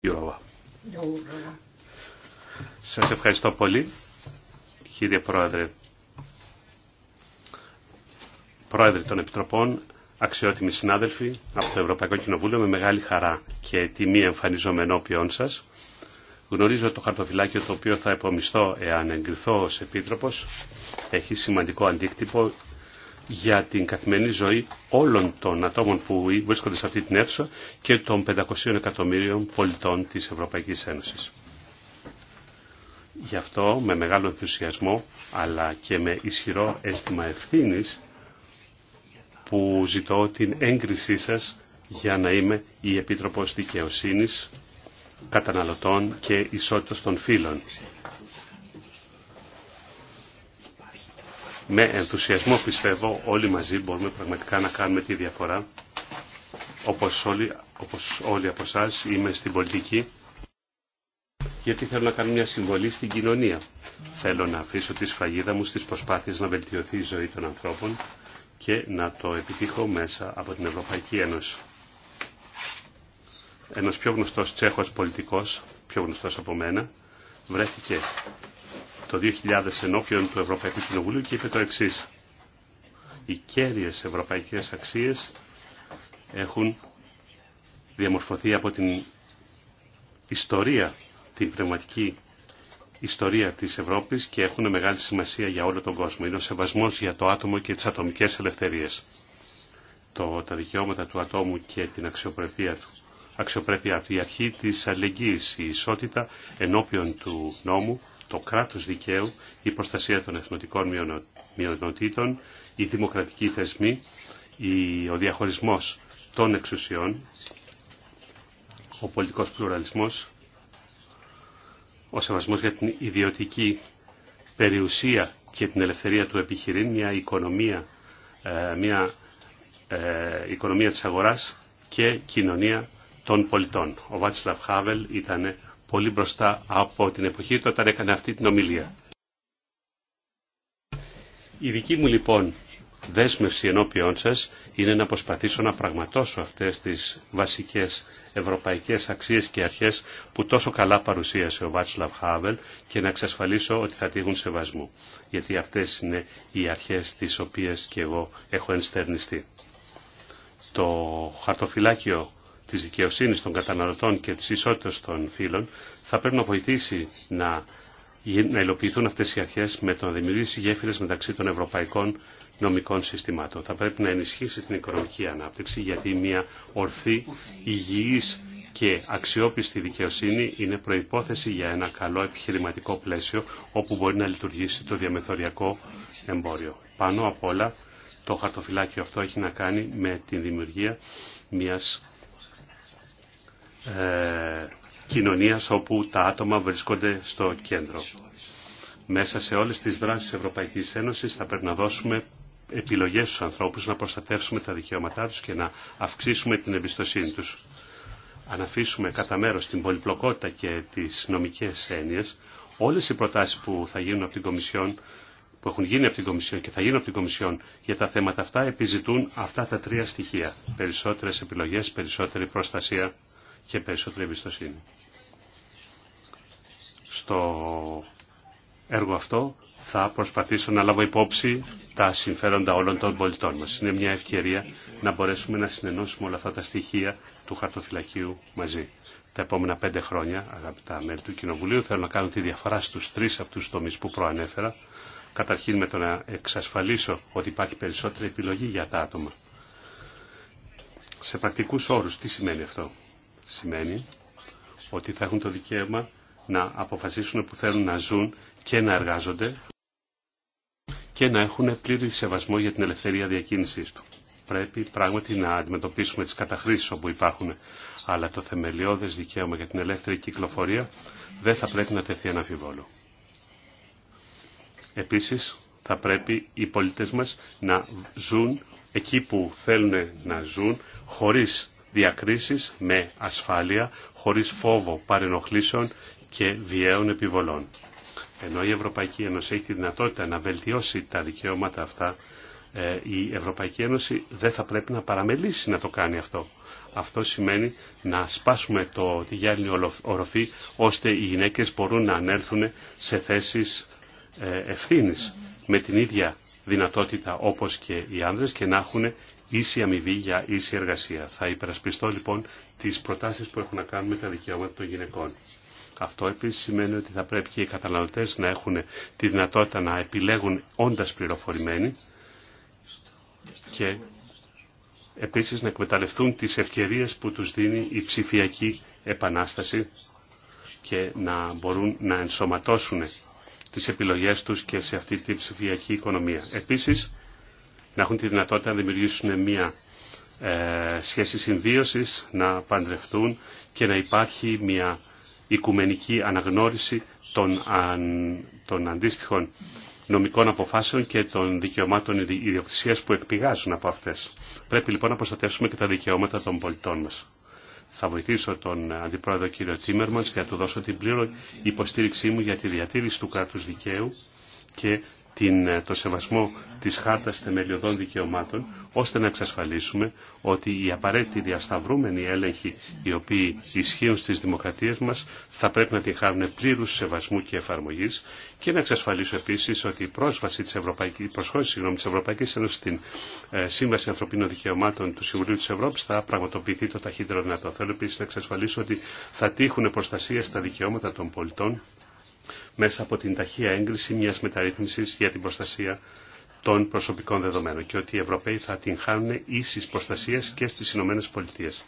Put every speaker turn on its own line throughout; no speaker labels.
Γιώργο. Σας ευχαριστώ πολύ, κύριε Πρόεδρε. Πρόεδρε των Επιτροπών, αξιότιμοι συνάδελφοι από το Ευρωπαϊκό Κοινοβούλιο, με μεγάλη χαρά και τιμή εμφανίζομαι ενώπιόν σας. Γνωρίζω το χαρτοφυλάκιο το οποίο θα επομιστώ εάν εγκριθώ ως Επίτροπος. Έχει σημαντικό αντίκτυπο για την καθημερινή ζωή όλων των ατόμων που βρίσκονται σε αυτή την αίθουσα και των 500 εκατομμύριων πολιτών της Ευρωπαϊκής Ένωσης. Γι' αυτό με μεγάλο ενθουσιασμό αλλά και με ισχυρό αίσθημα ευθύνης που ζητώ την έγκρισή σας για να είμαι η Επίτροπος Δικαιοσύνης, Καταναλωτών και Ισότητας των Φίλων. με ενθουσιασμό πιστεύω όλοι μαζί μπορούμε πραγματικά να κάνουμε τη διαφορά. Όπως όλοι, όπως όλοι από εσά είμαι στην πολιτική γιατί θέλω να κάνω μια συμβολή στην κοινωνία. Θέλω να αφήσω τη σφαγίδα μου στις προσπάθειες να βελτιωθεί η ζωή των ανθρώπων και να το επιτύχω μέσα από την Ευρωπαϊκή Ένωση. Ένας πιο γνωστός τσέχος πολιτικός, πιο γνωστός από μένα, βρέθηκε το 2000 ενώπιον του Ευρωπαϊκού Κοινοβουλίου και είπε το εξή. Οι κέρυες ευρωπαϊκές αξίες έχουν διαμορφωθεί από την ιστορία, την πνευματική ιστορία της Ευρώπης και έχουν μεγάλη σημασία για όλο τον κόσμο. Είναι ο σεβασμός για το άτομο και τις ατομικές ελευθερίες. Το, τα δικαιώματα του ατόμου και την αξιοπρέπειά του. Αξιοπρέπειά του. Η αρχή της αλληλεγγύης, η ισότητα ενώπιον του νόμου, το κράτος δικαίου, η προστασία των εθνοτικών μειονοτήτων, οι δημοκρατικοί θεσμοί, ο διαχωρισμός των εξουσιών, ο πολιτικός πλουραλισμός, ο σεβασμός για την ιδιωτική περιουσία και την ελευθερία του επιχειρήν, μια οικονομία, ε, μια ε, οικονομία της αγοράς και κοινωνία των πολιτών. Ο Βάτσλαβ Χάβελ ήταν πολύ μπροστά από την εποχή του όταν έκανε αυτή την ομιλία. Η δική μου λοιπόν δέσμευση ενώπιόν σας είναι να προσπαθήσω να πραγματώσω αυτές τις βασικές ευρωπαϊκές αξίες και αρχές που τόσο καλά παρουσίασε ο Βάτσλαβ Χάβελ και να εξασφαλίσω ότι θα τύχουν σεβασμού. Γιατί αυτές είναι οι αρχές τις οποίες και εγώ έχω ενστερνιστεί. Το χαρτοφυλάκιο της δικαιοσύνη των καταναλωτών και της ισότητας των φύλων θα πρέπει να βοηθήσει να, να υλοποιηθούν αυτές οι αρχές με το να δημιουργήσει γέφυρες μεταξύ των ευρωπαϊκών νομικών συστημάτων. Θα πρέπει να ενισχύσει την οικονομική ανάπτυξη γιατί μια ορθή, υγιής και αξιόπιστη δικαιοσύνη είναι προϋπόθεση για ένα καλό επιχειρηματικό πλαίσιο όπου μπορεί να λειτουργήσει το διαμεθοριακό εμπόριο. Πάνω απ' όλα το χαρτοφυλάκιο αυτό έχει να κάνει με τη δημιουργία μιας ε, κοινωνίας όπου τα άτομα βρισκόνται στο κέντρο. Μέσα σε όλες τις δράσεις της Ευρωπαϊκής Ένωσης θα πρέπει να δώσουμε επιλογές στους ανθρώπους, να προστατεύσουμε τα δικαιώματά τους και να αυξήσουμε την εμπιστοσύνη τους. Αν αφήσουμε κατά μέρος την πολυπλοκότητα και τις νομικές έννοιες, όλες οι προτάσεις που θα γίνουν από την Κομισιόν που έχουν γίνει από την Κομισιόν και θα γίνουν από την Κομισιόν για τα θέματα αυτά επιζητούν αυτά τα τρία στοιχεία. Περισσότερες επιλογές, περισσότερη προστασία και περισσότερη εμπιστοσύνη. Στο έργο αυτό θα προσπαθήσω να λάβω υπόψη τα συμφέροντα όλων των πολιτών μας. Είναι μια ευκαιρία να μπορέσουμε να συνενώσουμε όλα αυτά τα στοιχεία του χαρτοφυλακίου μαζί. Τα επόμενα πέντε χρόνια, αγαπητά μέλη του Κοινοβουλίου, θέλω να κάνω τη διαφορά στους τρεις αυτούς τομείς που προανέφερα. Καταρχήν με το να εξασφαλίσω ότι υπάρχει περισσότερη επιλογή για τα άτομα. Σε πρακτικούς όρους, τι σημαίνει αυτό σημαίνει ότι θα έχουν το δικαίωμα να αποφασίσουν που θέλουν να ζουν και να εργάζονται και να έχουν πλήρη σεβασμό για την ελευθερία διακίνησής του. Πρέπει πράγματι να αντιμετωπίσουμε τις καταχρήσεις όπου υπάρχουν, αλλά το θεμελιώδες δικαίωμα για την ελεύθερη κυκλοφορία δεν θα πρέπει να τεθεί ένα αμφιβόλο. Επίσης, θα πρέπει οι πολίτες μας να ζουν εκεί που θέλουν να ζουν, χωρίς διακρίσεις με ασφάλεια, χωρίς φόβο παρενοχλήσεων και βιαίων επιβολών. Ενώ η Ευρωπαϊκή Ένωση έχει τη δυνατότητα να βελτιώσει τα δικαιώματα αυτά, ε, η Ευρωπαϊκή Ένωση δεν θα πρέπει να παραμελήσει να το κάνει αυτό. Αυτό σημαίνει να σπάσουμε το, τη γυάλινη οροφή ώστε οι γυναίκες μπορούν να ανέλθουν σε θέσεις ε, ευθύνης με την ίδια δυνατότητα όπως και οι άνδρες και να έχουν ίση αμοιβή για ίση εργασία. Θα υπερασπιστώ λοιπόν τις προτάσεις που έχουν να κάνουν με τα δικαιώματα των γυναικών. Αυτό επίσης σημαίνει ότι θα πρέπει και οι καταναλωτές να έχουν τη δυνατότητα να επιλέγουν όντας πληροφορημένοι και επίσης να εκμεταλλευτούν τις ευκαιρίε που τους δίνει η ψηφιακή επανάσταση και να μπορούν να ενσωματώσουν τις επιλογές τους και σε αυτή τη ψηφιακή οικονομία. Επίσης, να έχουν τη δυνατότητα να δημιουργήσουν μια ε, σχέση συμβίωσης, να παντρευτούν και να υπάρχει μια οικουμενική αναγνώριση των, αντίστοιχων νομικών αποφάσεων και των δικαιωμάτων ιδιοκτησία που εκπηγάζουν από αυτές. Πρέπει λοιπόν να προστατεύσουμε και τα δικαιώματα των πολιτών μας. Θα βοηθήσω τον Αντιπρόεδρο κύριο Τίμερμαντς και να του δώσω την πλήρω υποστήριξή μου για τη διατήρηση του κράτους δικαίου και την, ε, το σεβασμό της χάρτας θεμελιωδών δικαιωμάτων, ώστε να εξασφαλίσουμε ότι οι απαραίτητοι διασταυρούμενοι έλεγχοι οι οποίοι ισχύουν στις δημοκρατίες μας θα πρέπει να διεχάρουν πλήρους σεβασμού και εφαρμογής και να εξασφαλίσω επίσης ότι η πρόσβαση της Ευρωπαϊκής, προσχώρηση συγγνώμη, της Ευρωπαϊκής Ένωσης στην ε, Σύμβαση Ανθρωπίνων Δικαιωμάτων του Συμβουλίου της Ευρώπης θα πραγματοποιηθεί το ταχύτερο δυνατό. Θέλω επίσης να εξασφαλίσω ότι θα τύχουν προστασία στα δικαιώματα των πολιτών μέσα από την ταχεία έγκριση μιας μεταρρύθμισης για την προστασία των προσωπικών δεδομένων και ότι οι Ευρωπαίοι θα την χάνουν ίσης προστασίας και στις Ηνωμένε Πολιτείες.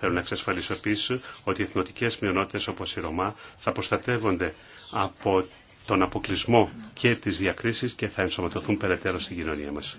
Θέλω να εξασφαλίσω επίση ότι οι εθνοτικές μειονότητες όπως η Ρωμά θα προστατεύονται από τον αποκλεισμό και τις διακρίσεις και θα ενσωματωθούν περαιτέρω στην κοινωνία μας.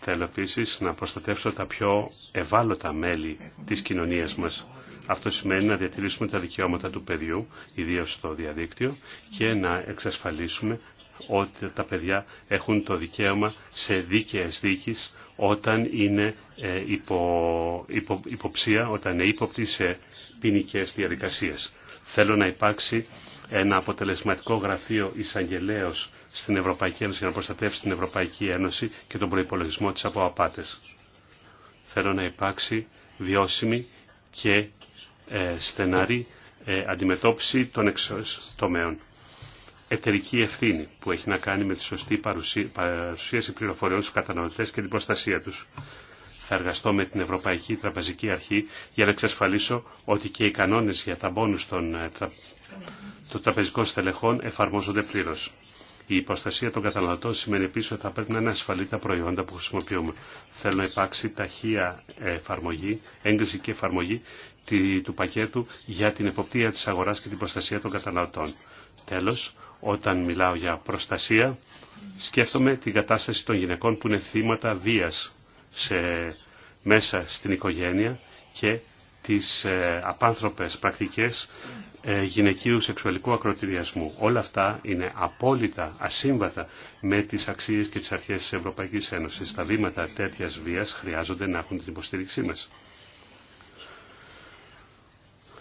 Θέλω επίση να προστατεύσω τα πιο ευάλωτα μέλη της κοινωνίας μας αυτό σημαίνει να διατηρήσουμε τα δικαιώματα του παιδιού, ιδίως στο διαδίκτυο, και να εξασφαλίσουμε ότι τα παιδιά έχουν το δικαίωμα σε δίκαιες δίκης όταν είναι ε, υπο, υποψία, όταν είναι ύποπτη σε ποινικέ διαδικασίες. Θέλω να υπάρξει ένα αποτελεσματικό γραφείο εισαγγελέω στην Ευρωπαϊκή Ένωση για να προστατεύσει την Ευρωπαϊκή Ένωση και τον προπολογισμό της από απάτες. Θέλω να υπάρξει βιώσιμη και ε, στεναρή ε, αντιμετώπιση των εξωστομέων. Εταιρική ευθύνη που έχει να κάνει με τη σωστή παρουσίαση πληροφοριών στους καταναλωτές και την προστασία τους. Θα εργαστώ με την Ευρωπαϊκή Τραπεζική Αρχή για να εξασφαλίσω ότι και οι κανόνες για τα μπόνους των, ε, των τραπεζικών στελεχών εφαρμόζονται πλήρως. Η προστασία των καταναλωτών σημαίνει επίση ότι θα πρέπει να είναι ασφαλή τα προϊόντα που χρησιμοποιούμε. Θέλω να υπάρξει ταχεία εφαρμογή, έγκριση και εφαρμογή του πακέτου για την εποπτεία της αγοράς και την προστασία των καταναλωτών. Τέλος, όταν μιλάω για προστασία, σκέφτομαι την κατάσταση των γυναικών που είναι θύματα βία μέσα στην οικογένεια και τις ε, απάνθρωπες πρακτικές ε, γυναικείου σεξουαλικού ακροτηριασμού. Όλα αυτά είναι απόλυτα ασύμβατα με τις αξίες και τις αρχές της Ευρωπαϊκής Ένωσης. Τα βήματα τέτοιας βίας χρειάζονται να έχουν την υποστήριξή μας.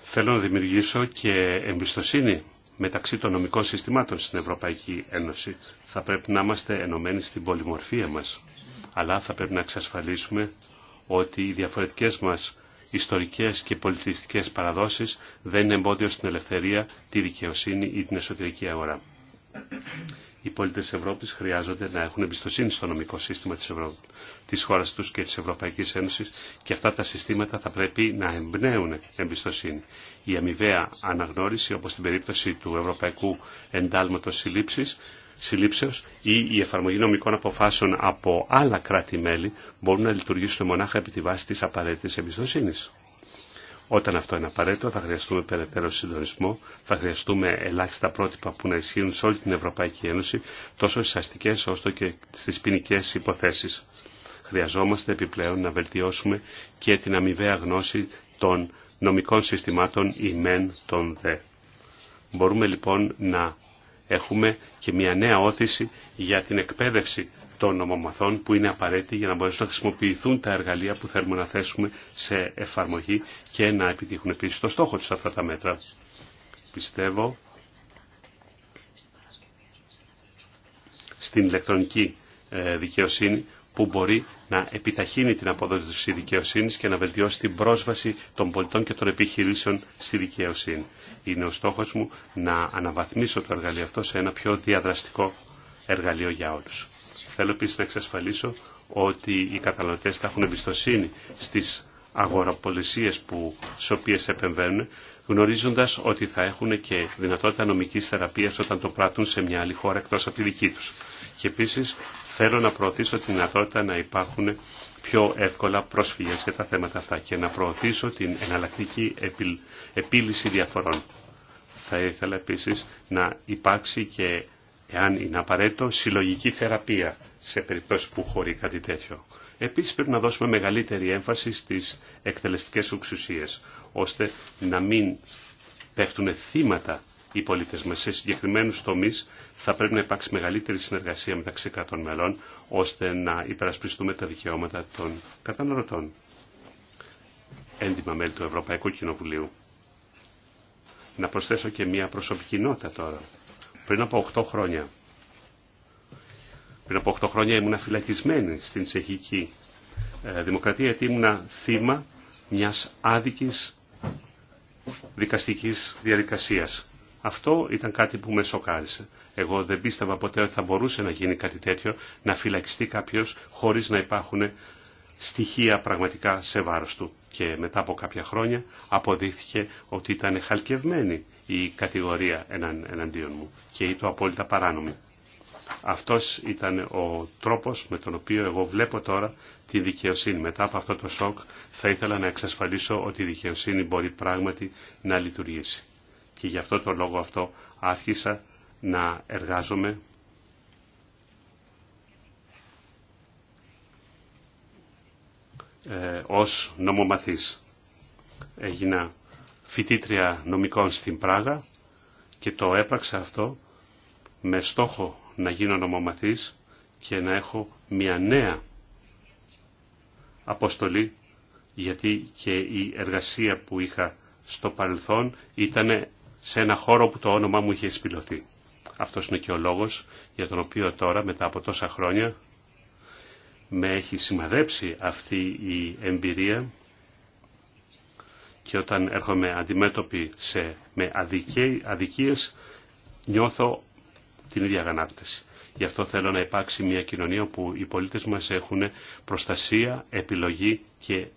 Θέλω να δημιουργήσω και εμπιστοσύνη μεταξύ των νομικών συστημάτων στην Ευρωπαϊκή Ένωση. Θα πρέπει να είμαστε ενωμένοι στην πολυμορφία μας, αλλά θα πρέπει να εξασφαλίσουμε ότι οι διαφορετικές μας ιστορικές και πολιτιστικές παραδόσεις δεν είναι εμπόδιο στην ελευθερία, τη δικαιοσύνη ή την εσωτερική αγορά. Οι πολίτες της Ευρώπης χρειάζονται να έχουν εμπιστοσύνη στο νομικό σύστημα της, Ευρω... της χώρας τους και της Ευρωπαϊκής Ένωσης και αυτά τα συστήματα θα πρέπει να εμπνέουν εμπιστοσύνη. Η αμοιβαία αναγνώριση, όπως στην περίπτωση του Ευρωπαϊκού Εντάλματος Συλλήψης, συλλήψεως ή η εφαρμογή νομικών αποφάσεων από άλλα κράτη-μέλη μπορούν να λειτουργήσουν μονάχα επί τη βάση της απαραίτητης εμπιστοσύνης. Όταν αυτό είναι απαραίτητο θα χρειαστούμε περαιτέρω συντονισμό, θα χρειαστούμε ελάχιστα πρότυπα που να ισχύουν σε όλη την Ευρωπαϊκή Ένωση, τόσο στις αστικές όσο και στις ποινικέ υποθέσεις. Χρειαζόμαστε επιπλέον να βελτιώσουμε και την αμοιβαία γνώση των νομικών συστημάτων ημέν των δε. Μπορούμε λοιπόν να έχουμε και μια νέα όθηση για την εκπαίδευση των νομομαθών που είναι απαραίτητη για να μπορέσουν να χρησιμοποιηθούν τα εργαλεία που θέλουμε να θέσουμε σε εφαρμογή και να επιτύχουν επίσης το στόχο του αυτά τα μέτρα. Πιστεύω στην ηλεκτρονική ε, δικαιοσύνη που μπορεί να επιταχύνει την αποδότηση τη δικαιοσύνη και να βελτιώσει την πρόσβαση των πολιτών και των επιχειρήσεων στη δικαιοσύνη. Είναι ο στόχο μου να αναβαθμίσω το εργαλείο αυτό σε ένα πιο διαδραστικό εργαλείο για όλου. Θέλω επίση να εξασφαλίσω ότι οι καταναλωτέ θα έχουν εμπιστοσύνη στι αγοραπολισίε στι οποίε επεμβαίνουν, γνωρίζοντα ότι θα έχουν και δυνατότητα νομική θεραπεία όταν το πράττουν σε μια άλλη χώρα εκτό από τη δική του. Και επίση θέλω να προωθήσω τη δυνατότητα να υπάρχουν πιο εύκολα πρόσφυγες για τα θέματα αυτά και να προωθήσω την εναλλακτική επίλυση διαφορών. Θα ήθελα επίσης να υπάρξει και, εάν είναι απαραίτητο, συλλογική θεραπεία σε περιπτώσει που χωρεί κάτι τέτοιο. Επίσης πρέπει να δώσουμε μεγαλύτερη έμφαση στις εκτελεστικές εξουσίες, ώστε να μην πέφτουν θύματα οι πολίτες μας. Σε συγκεκριμένους τομείς θα πρέπει να υπάρξει μεγαλύτερη συνεργασία μεταξύ κρατών μελών ώστε να υπερασπιστούμε τα δικαιώματα των καταναλωτών. Έντιμα μέλη του Ευρωπαϊκού Κοινοβουλίου. Να προσθέσω και μια προσωπική νότα τώρα. Πριν από 8 χρόνια, πριν από 8 χρόνια ήμουν φυλακισμένη στην τσεχική ε, δημοκρατία γιατί ήμουν θύμα μιας άδικης δικαστικής διαδικασίας. Αυτό ήταν κάτι που με σοκάρισε. Εγώ δεν πίστευα ποτέ ότι θα μπορούσε να γίνει κάτι τέτοιο, να φυλακιστεί κάποιο χωρί να υπάρχουν στοιχεία πραγματικά σε βάρος του. Και μετά από κάποια χρόνια αποδείχθηκε ότι ήταν χαλκευμένη η κατηγορία εναντίον μου και ήταν απόλυτα παράνομη. Αυτός ήταν ο τρόπος με τον οποίο εγώ βλέπω τώρα τη δικαιοσύνη. Μετά από αυτό το σοκ θα ήθελα να εξασφαλίσω ότι η δικαιοσύνη μπορεί πράγματι να λειτουργήσει και γι' αυτό το λόγο αυτό άρχισα να εργάζομαι ε, ως νομομαθής. Έγινα φοιτήτρια νομικών στην Πράγα και το έπραξα αυτό με στόχο να γίνω νομομαθής και να έχω μια νέα αποστολή γιατί και η εργασία που είχα στο παρελθόν ήταν σε ένα χώρο που το όνομά μου είχε σπηλωθεί. Αυτός είναι και ο λόγος για τον οποίο τώρα μετά από τόσα χρόνια με έχει σημαδέψει αυτή η εμπειρία και όταν έρχομαι αντιμέτωποι με αδικίες νιώθω την ίδια αγανάκτηση. Γι' αυτό θέλω να υπάρξει μια κοινωνία όπου οι πολίτες μας έχουν προστασία, επιλογή και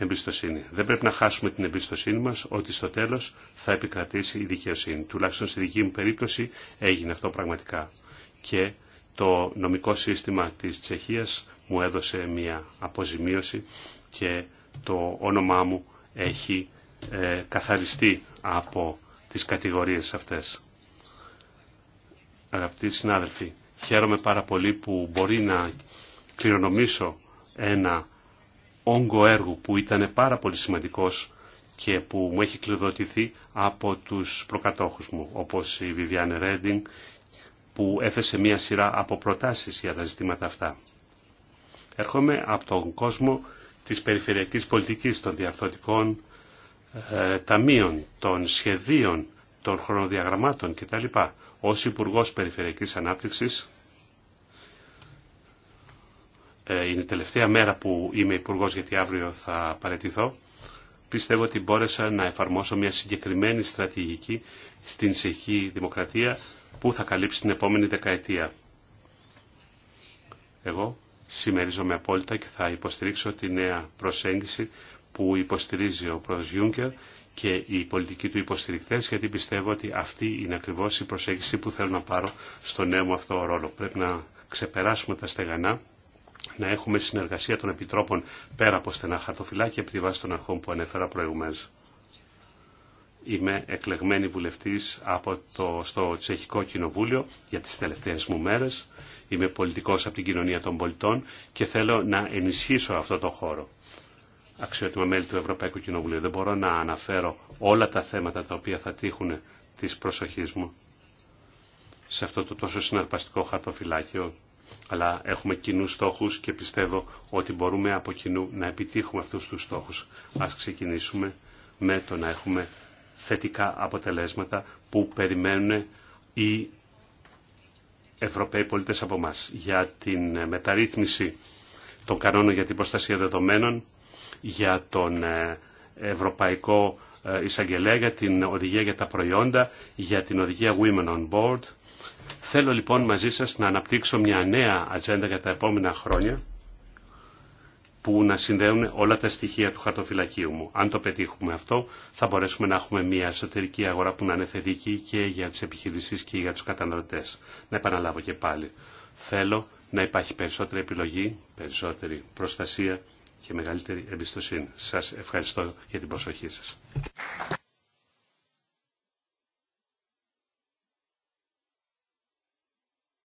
εμπιστοσύνη. Δεν πρέπει να χάσουμε την εμπιστοσύνη μας ότι στο τέλος θα επικρατήσει η δικαιοσύνη. Τουλάχιστον στη δική μου περίπτωση έγινε αυτό πραγματικά. Και το νομικό σύστημα της Τσεχίας μου έδωσε μια αποζημίωση και το όνομά μου έχει ε, καθαριστεί από τις κατηγορίες αυτές. Αγαπητοί συνάδελφοι, χαίρομαι πάρα πολύ που μπορεί να κληρονομήσω ένα όγκο έργου που ήταν πάρα πολύ σημαντικός και που μου έχει κλειδωτηθεί από τους προκατόχους μου, όπως η Βιβιάνε Ρέντινγκ, που έθεσε μία σειρά από προτάσεις για τα ζητήματα αυτά. Έρχομαι από τον κόσμο της περιφερειακής πολιτικής, των διαρθωτικών ε, ταμείων, των σχεδίων, των χρονοδιαγραμμάτων κτλ. Ως Υπουργός Περιφερειακής Ανάπτυξης ε, είναι η τελευταία μέρα που είμαι υπουργό γιατί αύριο θα παρετηθώ. πιστεύω ότι μπόρεσα να εφαρμόσω μια συγκεκριμένη στρατηγική στην ψυχή δημοκρατία που θα καλύψει την επόμενη δεκαετία. Εγώ συμμερίζομαι απόλυτα και θα υποστηρίξω τη νέα προσέγγιση που υποστηρίζει ο πρόεδρος Γιούγκερ και οι πολιτικοί του υποστηρικτές γιατί πιστεύω ότι αυτή είναι ακριβώς η προσέγγιση που θέλω να πάρω στο νέο μου αυτό ρόλο. Πρέπει να ξεπεράσουμε τα στεγανά να έχουμε συνεργασία των επιτρόπων πέρα από στενά χαρτοφυλάκια επί τη βάση των αρχών που ανέφερα προηγουμένω. Είμαι εκλεγμένη βουλευτής από το, στο Τσεχικό Κοινοβούλιο για τις τελευταίες μου μέρες. Είμαι πολιτικός από την κοινωνία των πολιτών και θέλω να ενισχύσω αυτό το χώρο. Αξιότιμα μέλη του Ευρωπαϊκού Κοινοβουλίου. Δεν μπορώ να αναφέρω όλα τα θέματα τα οποία θα τύχουν της προσοχής μου σε αυτό το τόσο συναρπαστικό χαρτοφυλάκιο αλλά έχουμε κοινού στόχους και πιστεύω ότι μπορούμε από κοινού να επιτύχουμε αυτούς τους στόχους. Ας ξεκινήσουμε με το να έχουμε θετικά αποτελέσματα που περιμένουν οι Ευρωπαίοι πολίτες από μας για την μεταρρύθμιση των κανόνων για την προστασία δεδομένων, για τον ε, Ευρωπαϊκό ε, Εισαγγελέα, για την οδηγία για τα προϊόντα, για την οδηγία Women on Board, Θέλω λοιπόν μαζί σας να αναπτύξω μια νέα ατζέντα για τα επόμενα χρόνια που να συνδέουν όλα τα στοιχεία του χαρτοφυλακίου μου. Αν το πετύχουμε αυτό, θα μπορέσουμε να έχουμε μια εσωτερική αγορά που να είναι θετική και για τις επιχειρήσεις και για τους καταναλωτές. Να επαναλάβω και πάλι. Θέλω να υπάρχει περισσότερη επιλογή, περισσότερη προστασία και μεγαλύτερη εμπιστοσύνη. Σας ευχαριστώ για την προσοχή σας.